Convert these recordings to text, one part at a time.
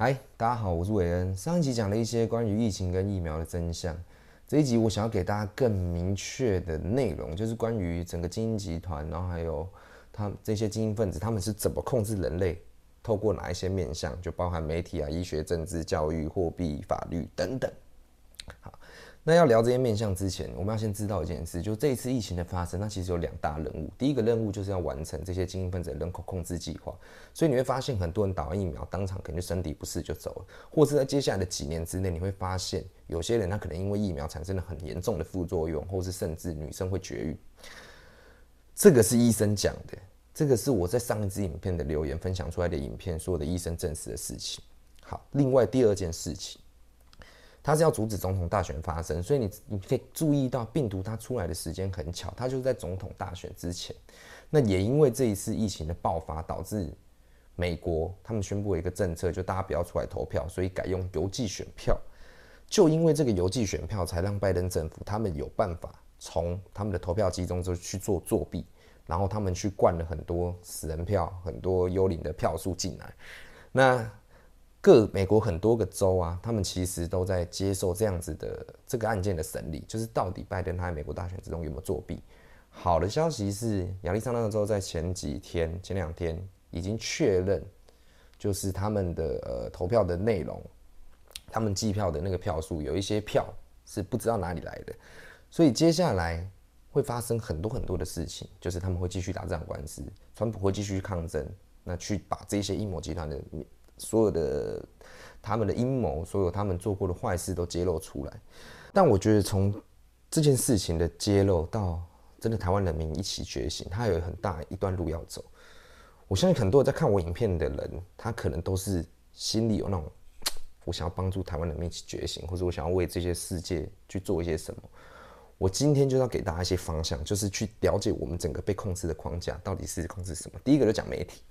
嗨，Hi, 大家好，我是偉恩。上一集講了一些關於疫情跟疫苗的真相，這一集我想要給大家更明確的內容，就是關於整個精英集團，然後還有他這些精英分子，他們是怎麼控制人類，透過哪一些面向，就包含媒體啊、醫學、政治、教育、貨幣、法律等等。好。那要聊這些面向之前，我們要先知道一件事，就這一次疫情的發生，它其實有兩大任務。第一個任務就是要完成這些精英分子的人口控制計劃，所以你會發現很多人打完疫苗，當場可能就身體不適就走了，或是在接下來的幾年之內，你會發現有些人他可能因為疫苗產生了很嚴重的副作用，或是甚至女生會絕育。這個是醫生講的，這個是我在上一支影片的留言分享出來的影片，所有的醫生證實的事情。好，另外第二件事情。他是要阻止總統大選發生，所以你你可以注意到病毒它出來的時間很巧，它就是在總統大選之前。那也因為這一次疫情的爆發，導致美國他們宣布了一個政策，就大家不要出來投票，所以改用郵寄選票。就因為這個郵寄選票，才讓拜登政府他們有辦法從他們的投票機中就去做作弊，然後他們去灌了很多死人票，很多幽靈的票數進來。那各美國很多個州啊，他們其實都在接受這樣子的這個案件的審理，就是到底拜登他在美國大選之中有沒有作弊？好的消息是，亞利桑那州在前幾天、前兩天已經確認，就是他們的呃投票的內容，他們計票的那個票數有一些票是不知道哪裡來的，所以接下來會發生很多很多的事情，就是他們會繼續打這場官司，川普會繼續抗爭，那去把這些陰謀集團的。所有的他們的陰謀，所有他們做過的壞事都揭露出來。但我覺得從這件事情的揭露到真的台灣人民一起覺醒，他有很大一段路要走。我相信很多在看我影片的人，他可能都是心裡有那種我想要幫助台灣人民一起覺醒，或者我想要為這些世界去做一些什麼。我今天就要給大家一些方向，就是去了解我們整個被控制的框架到底是控制什麼。第一個就講媒體。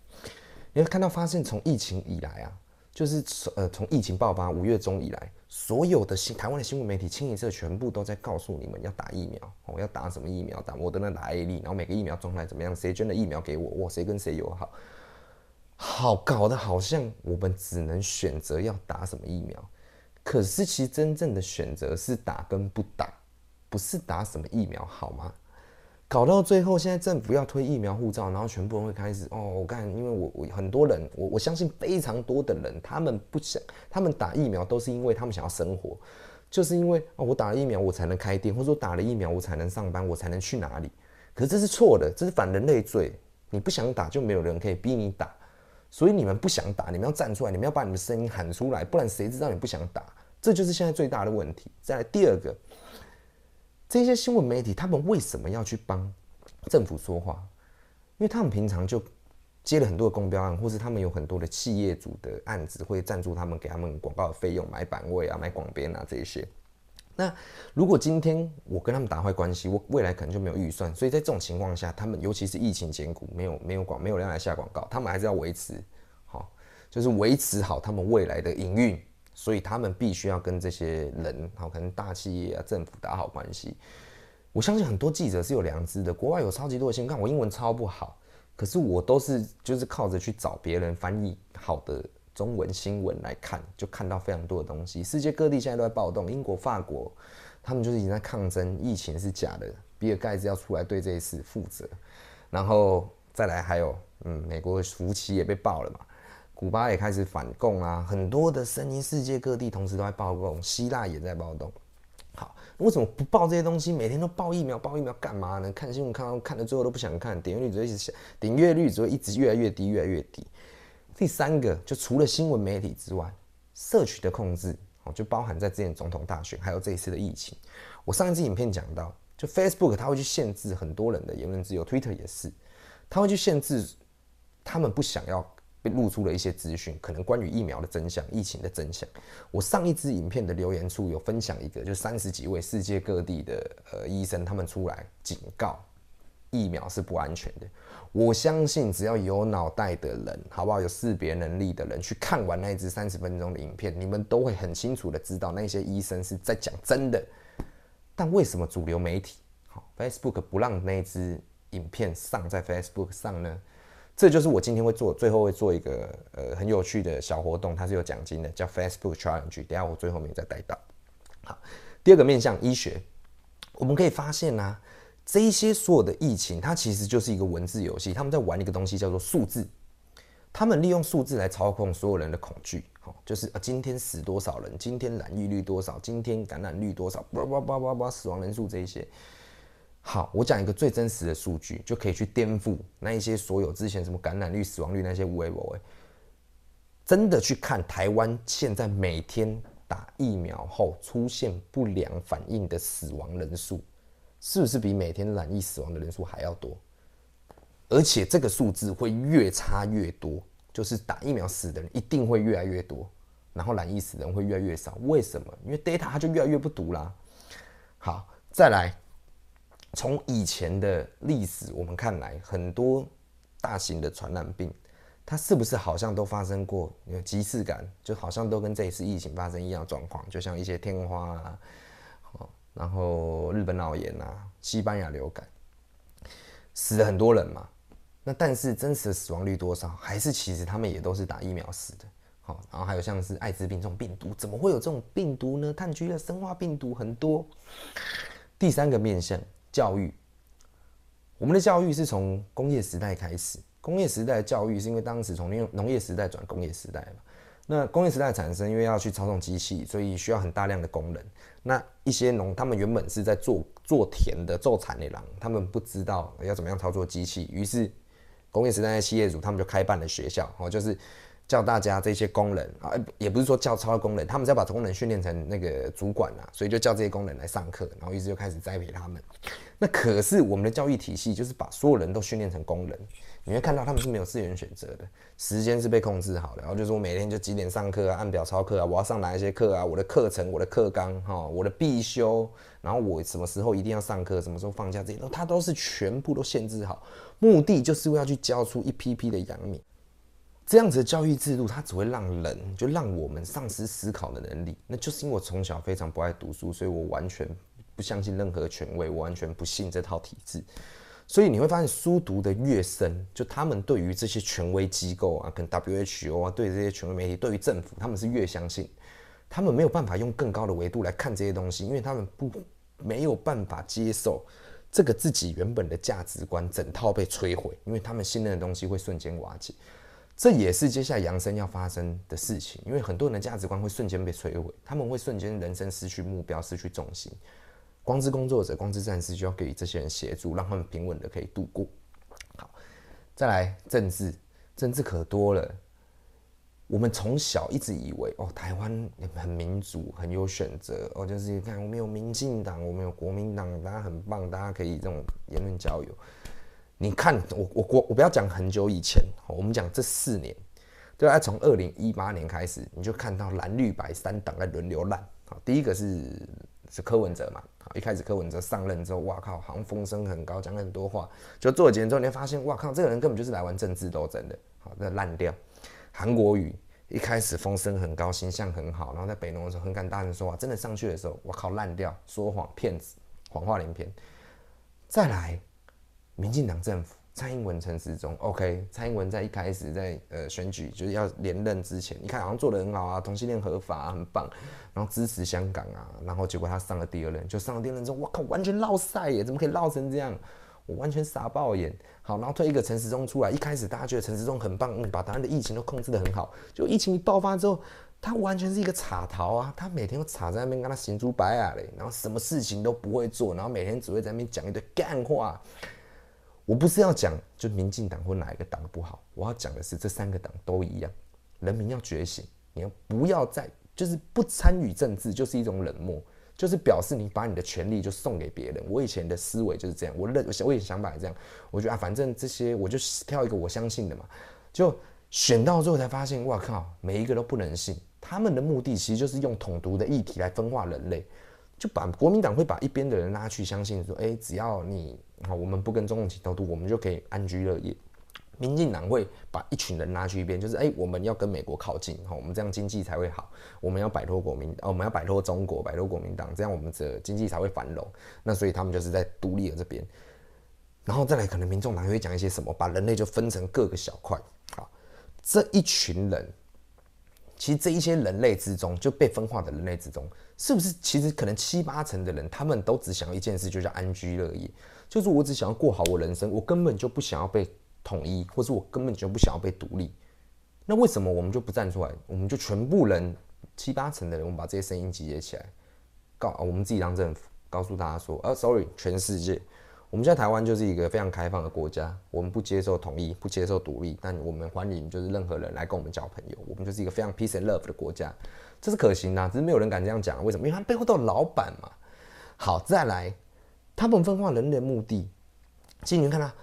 你會看到發現，從疫情以來啊，就是呃，從疫情爆發五月中以來，所有的新台灣的新聞媒體，清一色全部都在告訴你們要打疫苗我、哦、要打什麼疫苗，打莫德納打 AZ，然後每個疫苗狀態怎麼樣，誰捐的疫苗給我，我誰跟誰友好，好，搞得好像我們只能選擇要打什麼疫苗，可是其實真正的選擇是打跟不打，不是打什麼疫苗好嗎？搞到最後，現在政府要推疫苗護照，然後全部人會開始哦。我看，因為我我很多人，我我相信非常多的人，他們不想，他們打疫苗都是因為他們想要生活，就是因為哦，我打了疫苗我才能開店，或者說打了疫苗我才能上班，我才能去哪裡。可是這是錯的，這是反人類罪。你不想打就沒有人可以逼你打，所以你們不想打，你們要站出來，你們要把你們的聲音喊出來，不然誰知道你不想打？這就是現在最大的問題。再來第二個。這些新聞媒體，他們為什麼要去幫政府說話？因為他們平常就接了很多的公標案，或是他們有很多的企業主的案子會贊助他們，給他們廣告的費用、買版位啊、買廣編啊這些。那如果今天我跟他們打壞關係，我未來可能就沒有預算。所以在這種情況下，他們尤其是疫情艱苦，沒有沒有廣沒有人來下廣告，他們還是要維持好，就是維持好他們未來的營運。所以他們必須要跟這些人，好，可能大企業啊、政府打好關係。我相信很多記者是有良知的。國外有超級多的，先看我英文超不好，可是我都是就是靠着去找別人翻譯好的中文新聞來看，就看到非常多的東西。世界各地現在都在暴動，英國、法國，他們就是已經在抗爭。疫情是假的，比爾蓋茨要出來對這一次負責。然後再來還有，嗯，美國的福奇也被爆了嘛。古巴也開始反共啊，很多的聲音，世界各地同時都在暴動，希臘也在暴動。好，那為什麼不報這些東西？每天都報疫苗，報疫苗幹嘛呢？看新聞看到看到最後都不想看，點閱率只會一直想點閱率只會一直越來越低，越來越低。第三個，就除了新聞媒體之外，社群的控制哦，就包含在之前總統大選，還有這一次的疫情。我上一支影片講到，就 Facebook 它會去限制很多人的言論自由，Twitter 也是，它會去限制他們不想要。露出了一些資訊，可能關於疫苗的真相、疫情的真相。我上一支影片的留言處有分享一個，就三十幾位世界各地的呃醫生，他們出來警告疫苗是不安全的。我相信只要有腦袋的人，好不好？有識別能力的人，去看完那支三十分鐘的影片，你們都會很清楚的知道那些醫生是在講真的。但為什麼主流媒體？好，Facebook 不讓那支影片上在 Facebook 上呢？這就是我今天會做，最後會做一個呃很有趣的小活動，它是有獎金的，叫 Facebook Challenge。等下我最後面再帶到。好，第二個面向醫學，我們可以發現呢、啊，這一些所有的疫情，它其實就是一個文字遊戲，他們在玩一個東西叫做數字，他們利用數字來操控所有人的恐懼。好，就是、呃、今天死多少人，今天染疫率多少，今天感染率多少，巴巴巴巴巴巴，死亡人數這一些。好，我講一個最真實的數據，就可以去顛覆那一些所有之前什麼感染率、死亡率那些餵餵。真的去看台灣現在每天打疫苗後出現不良反應的死亡人數，是不是比每天染疫死亡的人數還要多？而且這個數字會越差越多，就是打疫苗死的人一定會越來越多，然後染疫死的人會越來越少。為什麼？因為 data 它就越來越不讀啦。好，再來。從以前的歷史我們看來，很多大型的傳染病，它是不是好像都發生過？有既視感，就好像都跟這一次疫情發生一樣狀況，就像一些天花啊，哦，然後日本腦炎啊、西班牙流感，死了很多人嘛。那但是真實的死亡率多少？還是其實他們也都是打疫苗死的。好，然後還有像是艾滋病這種病毒，怎麼會有這種病毒呢？炭疽的生化病毒很多。第三個面向。教育，我們的教育是從工業時代開始。工業時代的教育是因為當時從農業時代轉工業時代嘛。那工業時代產生，因為要去操縱機器，所以需要很大量的工人。那一些農他們原本是在做做田的、做產業的，他們不知道要怎麼樣操作機器，於是工業時代的企業主他們就開辦了學校，哦，就是。教大家這些工人啊，也不是說教超的工人，他們是要把工人訓練成那個主管啊，所以就叫這些工人來上課，然後一直就開始栽培他們。那可是我們的教育體系就是把所有人都訓練成工人，你會看到他們是沒有資源選擇的，時間是被控制好的，然後就是我每天就幾點上課啊，按表操課啊，我要上哪一些課啊，我的課程、我的課綱哈，我的必修，然後我什麼時候一定要上課，什麼時候放假，這些都他都是全部都限制好，目的就是為要去教出一批批的楊敏。這樣子的教育制度，它只會讓人就讓我們喪失思考的能力。那就是因為我從小非常不愛讀書，所以我完全不相信任何權威，我完全不信這套體制。所以你會發現，書讀得越深，就他們對於這些權威機構啊，跟 WHO 啊，對這些權威媒體，對於政府，他們是越相信。他們沒有辦法用更高的維度來看這些東西，因為他們不沒有辦法接受這個自己原本的價值觀整套被摧毀，因為他們信任的東西會瞬間瓦解。這也是接下來揚升要發生的事情，因為很多人的價值觀會瞬間被摧毀，他們會瞬間人生失去目標、失去重心。光之工作者、光之戰士就要給這些人協助，讓他們平穩的可以度過。好，再來政治，政治可多了。我們從小一直以為，哦，台灣很民主、很有選擇，哦，就是看我們有民進黨、我們有國民黨，大家很棒，大家可以這種言論自由。你看，我我國我，我不要講很久以前，我們講這四年，對吧？從二零一八年開始，你就看到藍綠白三黨在輪流爛。好，第一個是是柯文哲嘛，好，一開始柯文哲上任之後，哇靠，好像風聲很高，講很多話，就做了幾年之後，你會發現，哇靠，這個人根本就是來玩政治鬥爭的，好，真的爛掉。韓國瑜一開始風聲很高，形象很好，然後在北農的時候很敢大聲說話，真的上去的時候，我靠，爛掉，說謊騙子，謊話連篇。再來。民進黨政府，蔡英文、陳時中。OK，蔡英文在一開始在呃選舉就是要連任之前，你看好像做得很好啊，同性戀合法、啊，很棒，然後支持香港啊，然後結果他上了第二任，就上了第二任之後，我靠，完全烙賽耶，怎麼可以烙成這樣？我完全傻爆眼。好，然後推一個陳時中出來，一開始大家覺得陳時中很棒，嗯、把台灣的疫情都控制得很好。就疫情一爆發之後，他完全是一個插頭啊，他每天都插在那邊，跟他行出白啊，嘞，然後什麼事情都不會做，然後每天只會在那邊講一堆幹話。我不是要講就民進黨或哪一個黨不好，我要講的是這三個黨都一樣，人民要覺醒，你要不要再就是不參與政治，就是一種冷漠，就是表示你把你的權利就送給別人。我以前的思維就是這樣，我認，我以前想法是這樣，我覺得啊，反正這些我就挑一個我相信的嘛，就選到之後才發現，哇靠，每一個都不能信，他們的目的其實就是用統獨的議題來分化人類。就把國民黨會把一邊的人拉去相信說，哎、欸，只要你好，我們不跟中共起衝突，我們就可以安居樂業。民進黨會把一群人拉去一邊，就是哎、欸，我們要跟美國靠近，哈、喔，我們這樣經濟才會好。我們要擺脫國民、喔，我們要擺脫中國，擺脫國民黨，這樣我們的經濟才會繁榮。那所以他們就是在獨立的這邊，然後再來，可能民眾黨會講一些什麼，把人類就分成各個小塊，好，這一群人。其實這一些人類之中，就被分化的人類之中，是不是其實可能七八成的人，他們都只想要一件事，就叫安居樂業，就是我只想要過好我人生，我根本就不想要被統一，或是我根本就不想要被獨立。那為什麼我們就不站出來？我們就全部人七八成的人，我們把這些聲音集結起來，告、哦、我們自己當政府，告訴大家說，呃、哦，sorry，全世界。我們現在台灣就是一個非常開放的國家，我們不接受統一，不接受獨立，但我們歡迎就是任何人來跟我們交朋友。我們就是一個非常 peace and love 的國家，這是可行的啊，只是沒有人敢這樣講。為什麼？因為他背後都有老闆嘛。好，再來，他們分化人的目的，其實你看啊，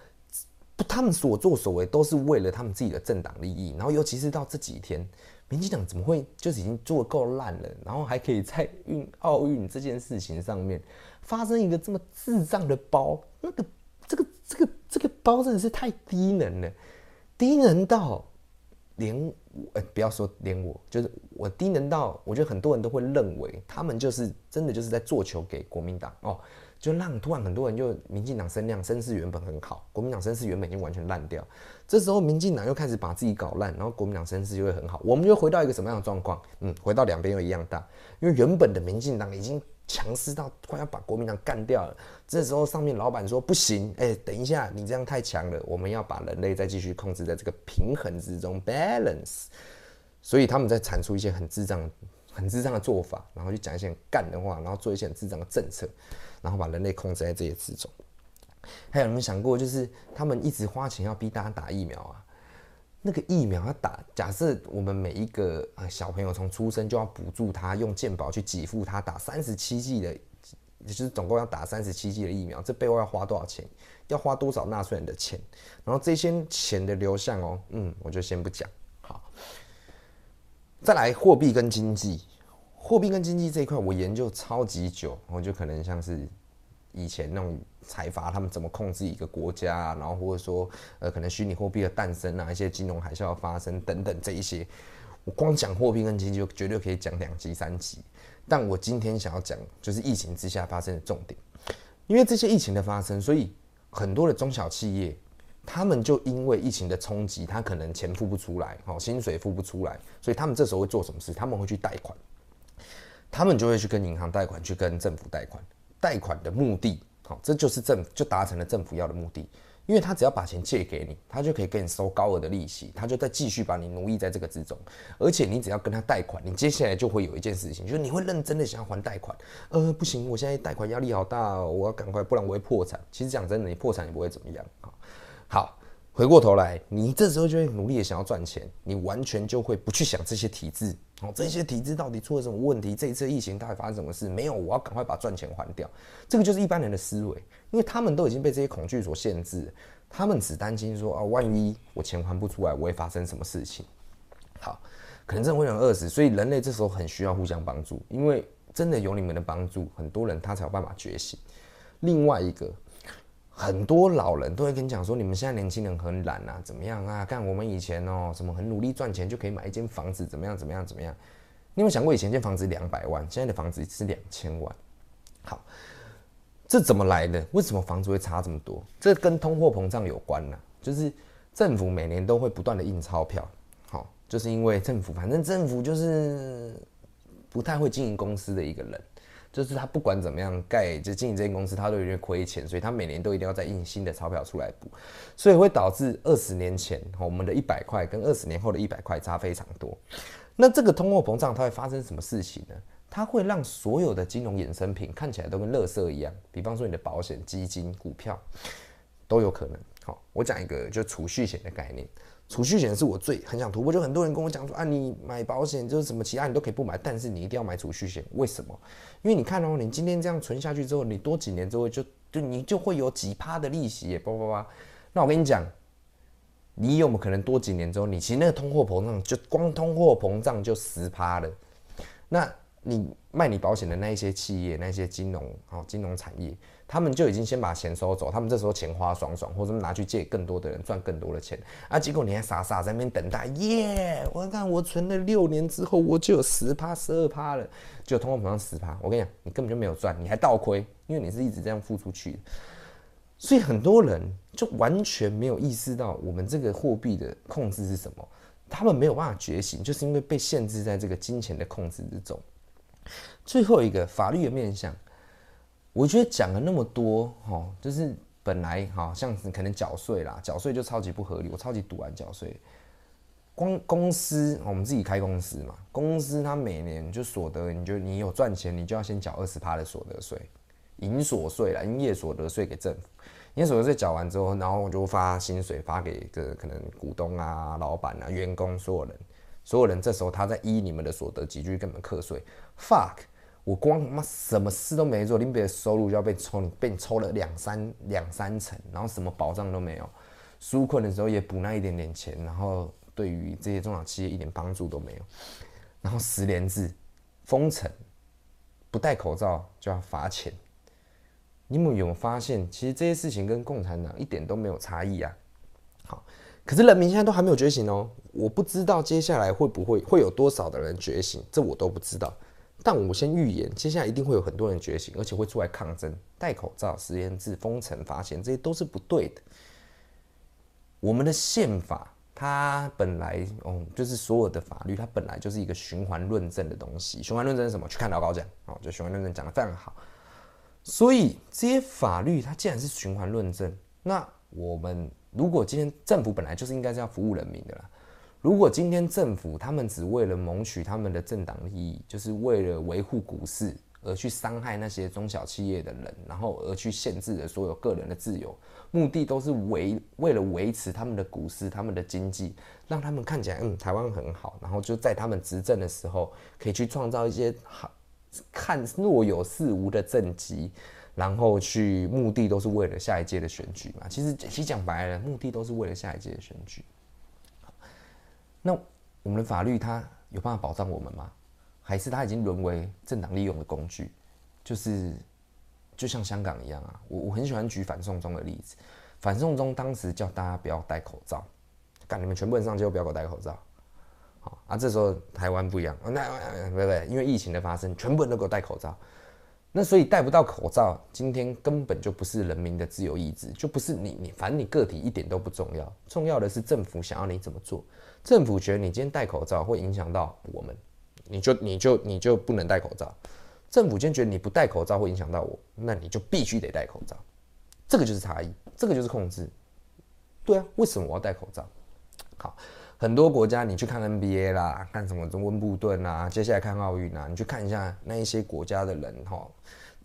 不，他們所作所為都是為了他們自己的政黨利益。然後尤其是到這幾天，民進黨怎麼會就是已經做夠爛了，然後還可以在運奧運這件事情上面發生一個這麼智障的包？那個，這個，這個，這個包真的是太低能了，低能到連我、欸，不要說連我，就是我低能到，我覺得很多人都會認為他們就是真的就是在做球給國民黨哦，就讓突然很多人就民進黨聲量聲勢原本很好，國民黨聲勢原本已經完全爛掉，這時候民進黨又開始把自己搞爛，然後國民黨聲勢就會很好，我們就回到一個什麼樣的狀況？嗯，回到兩邊又一樣大，因為原本的民進黨已經。強勢到快要把國民黨幹掉了，這時候上面老闆說不行，哎、欸，等一下，你這樣太強了，我們要把人類再繼續控制在這個平衡之中 （balance）。所以他們在產出一些很智障、很智障的做法，然後就講一些很幹的話，然後做一些很智障的政策，然後把人類控制在這些之中。還有你們想過，就是他們一直花錢要逼大家打疫苗啊？那個疫苗要打，假設我們每一個啊小朋友從出生就要補助他，用健保去給付他打三十七劑的，也就是總共要打三十七劑的疫苗，這背後要花多少錢？要花多少納稅人的錢？然後這些錢的流向哦，嗯，我就先不講。好，再來貨幣跟經濟，貨幣跟經濟這一塊我研究超級久，我就可能像是。以前那種財閥，他們怎麼控制一個國家啊？然後或者說，呃，可能虛擬貨幣的誕生啊，一些金融海嘯的發生等等這一些，我光講貨幣跟經濟就絕對可以講兩集三集。但我今天想要講，就是疫情之下發生的重點，因為這些疫情的發生，所以很多的中小企業，他們就因為疫情的衝擊，他可能錢付不出來，哦，薪水付不出來，所以他們這時候會做什麼事？他們會去貸款，他們就會去跟銀行貸款，去跟政府貸款。貸款的目的，好，這就是政府就達成了政府要的目的，因為他只要把錢借給你，他就可以給你收高額的利息，他就再繼續把你奴役在這個之中，而且你只要跟他貸款，你接下來就會有一件事情，就是你會認真的想要還貸款。呃，不行，我現在貸款壓力好大哦，我要趕快，不然我會破產。其實講真的，你破產也不會怎麼樣，好，好，回過頭來，你這時候就會努力的想要賺錢，你完全就會不去想這些體制。哦、這些體制到底出了什麼問題？這一次疫情到底發生什麼事？沒有，我要趕快把賺錢還掉。這個就是一般人的思維，因為他們都已經被這些恐懼所限制，他們只擔心說啊，萬一我錢還不出來，我會發生什麼事情？好，可能真的會很餓死，所以人類這時候很需要互相幫助，因為真的有你們的幫助，很多人他才有辦法覺醒。另外一個。很多老人都會跟你講說，你們現在年輕人很懶啊，怎麼樣啊？看我們以前哦、喔，什麼很努力賺錢就可以買一間房子，怎麼樣，怎麼樣，怎麼樣？你有沒有想過以前一間房子兩百萬，現在的房子是兩千萬？好，這怎麼來的？為什麼房子會差這麼多？這跟通貨膨脹有關呢、啊，就是政府每年都會不斷的印鈔票。好，就是因為政府，反正政府就是不太會經營公司的一個人。就是他不管怎麼樣蓋，就經營這間公司，他都有點虧錢，所以他每年都一定要再印新的鈔票出來補，所以會導致二十年前我們的一百塊跟二十年後的一百塊差非常多。那這個通貨膨脹它會發生什麼事情呢？它會讓所有的金融衍生品看起來都跟垃圾一樣，比方說你的保險、基金、股票都有可能。好，我講一個就儲蓄險的概念，儲蓄險是我最很想突破，就很多人跟我講說啊，你買保險就是什麼其他你都可以不買，但是你一定要買儲蓄險，為什麼？因為你看哦，你今天這樣存下去之後，你多幾年之後就就你就會有幾趴的利息，叭叭叭。那我跟你講，你有沒有可能多幾年之後，你其實那個通貨膨脹就光通貨膨脹就十趴了？那你賣你保險的那一些企業，那些金融啊金融產業。他們就已經先把錢收走，他們這時候錢花爽爽，或者拿去借更多的人賺更多的錢，啊，結果你還傻傻在那邊等待耶！Yeah, 我看我存了六年之後，我就有十趴十二趴了，就通貨膨脹十趴。我跟你講，你根本就沒有賺，你還倒虧，因為你是一直這樣付出去的。所以很多人就完全沒有意識到我們這個貨幣的控制是什麼，他們沒有辦法覺醒，就是因為被限制在這個金錢的控制之中。最後一個法律的面向。我覺得講了那麼多，哈、喔，就是本來哈、喔，像可能繳稅啦，繳稅就超級不合理，我超級堵完繳稅，光公司我們自己開公司嘛，公司它每年就所得，你就你有賺錢，你就要先繳二十趴的所得稅，營所稅啦，營業所得稅給政府，營業所得稅繳完之後，然後我就發薪水發給這個可能股東啊、老板啊、員工所有人，所有人這時候他在依你們的所得，級距跟你們課稅，fuck。我光他媽什麼事都沒做，林北的收入就要被抽，被你抽了兩三兩三成，然後什麼保障都沒有，紓困的時候也補那一點點錢，然後對於這些中小企業一點幫助都沒有。然後實聯制封城，不戴口罩就要罰錢。你們有沒有發現，其實這些事情跟共產黨一點都沒有差異啊？好，可是人民現在都還沒有覺醒哦、喔。我不知道接下來會不會會有多少的人覺醒，這我都不知道。但我先預言，接下來一定會有很多人覺醒，而且會出來抗爭。戴口罩、實聯制、封城、罰錢，這些都是不對的。我們的憲法，它本來嗯、哦，就是所有的法律，它本來就是一個循環論證的東西。循環論證是什麼？去看老高講哦，就循環論證講的非常好。所以這些法律，它既然是循環論證，那我們如果今天政府本來就是應該是要服務人民的啦。如果今天政府他們只為了謀取他們的政黨利益，就是為了維護股市而去傷害那些中小企業的人，然後而去限制了所有個人的自由，目的都是為，為了維持他們的股市、他們的經濟，讓他們看起來嗯，台灣很好，然後就在他們執政的時候可以去創造一些好看若有似無的政績，然後去目的都是為了下一屆的選舉嘛。其實其實講白了，目的都是為了下一屆的選舉。那我們的法律它有辦法保障我們嗎？還是它已經淪為政黨利用的工具？就是就像香港一樣啊，我我很喜歡舉反送中的例子。反送中當時叫大家不要戴口罩，干你們全部人上街，後不要給我戴口罩。好啊，這時候台灣不一樣，那不對，因為疫情的發生，全部人都給我戴口罩。那所以戴不到口罩，今天根本就不是人民的自由意志，就不是你你，反正你個體一點都不重要，重要的是政府想要你怎麼做。政府覺得你今天戴口罩會影響到我們，你就你就你就不能戴口罩。政府今天覺得你不戴口罩會影響到我，那你就必須得戴口罩。這個就是差異，這個就是控制。對啊，為什麼我要戴口罩？好，很多國家你去看 NBA 啦，看什麼溫布頓啊，接下來看奧運啊，你去看一下那一些國家的人哈、喔，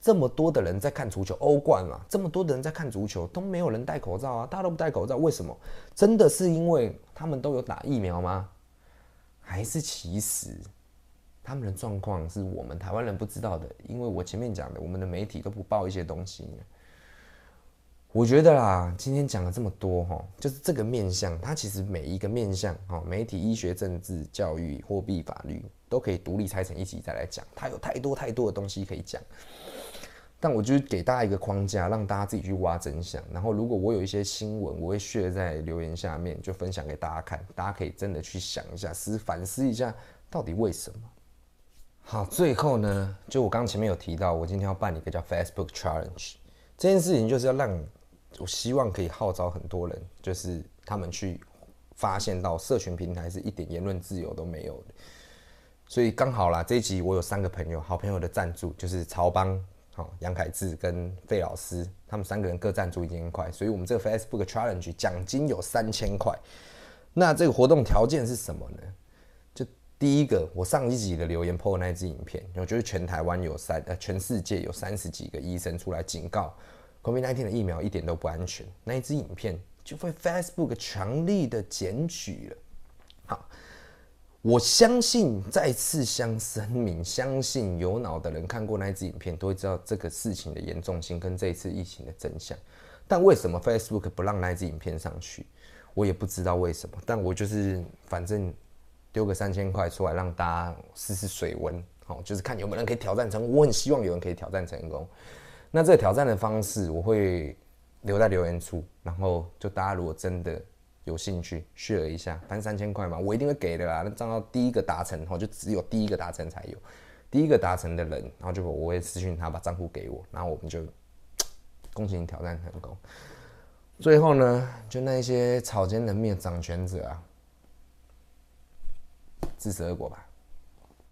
這麼多的人在看足球歐冠嘛，這麼多的人在看足球都沒有人戴口罩啊，大家都不戴口罩，為什麼？真的是因為。他們都有打疫苗嗎？還是其實他們的狀況是我們台灣人不知道的？因為我前面講的，我們的媒體都不報一些東西。我覺得啦，今天講了這麼多哈，就是這個面向，它其實每一個面向哈，媒體、醫學、政治、教育、貨幣、法律都可以獨立拆成一集再來講，它有太多太多的東西可以講。但我就是給大家一個框架，讓大家自己去挖真相。然後，如果我有一些新聞，我會寫在留言下面，就分享給大家看。大家可以真的去想一下，思反思一下，到底為什麼？好，最後呢，就我剛剛前面有提到，我今天要辦理一個叫 Facebook Challenge 這件事情，就是要讓，我希望可以號召很多人，就是他們去發現到社群平台是一點言論自由都沒有的。所以剛好啦，這一集我有三個朋友，好朋友的贊助就是曹幫、楊凱志跟費老師，他們三個人各贊助一千塊，所以我們這個 Facebook Challenge 獎金有三千塊。那這個活動條件是什麼呢？就第一個，我上一集的留言 PO 的那一支影片，我覺得全台灣有三呃，全世界有三十幾個醫生出來警告 COVID-19 的疫苗一點都不安全，那一支影片就被 Facebook 強力的檢舉了。好。我相信，再次相聲明，相信有腦的人看過那支影片，都會知道這個事情的嚴重性跟這一次疫情的真相。但為什麼 Facebook 不讓那支影片上去，我也不知道為什麼。但我就是反正丟個三千塊出來，讓大家試試水溫，好，就是看有沒有人可以挑戰成功。我很希望有人可以挑戰成功。那這個挑戰的方式，我會留在留言處。然後，就大家如果真的。有興趣，share 一下，翻三千塊嘛，我一定會給的啦。那賬號第一個達成，然後就只有第一個達成才有，第一個達成的人，然後就我會私訊他把賬戶給我，然後我們就恭喜你挑戰成功。最後呢，就那一些草菅人命、掌權者啊，自食惡果吧。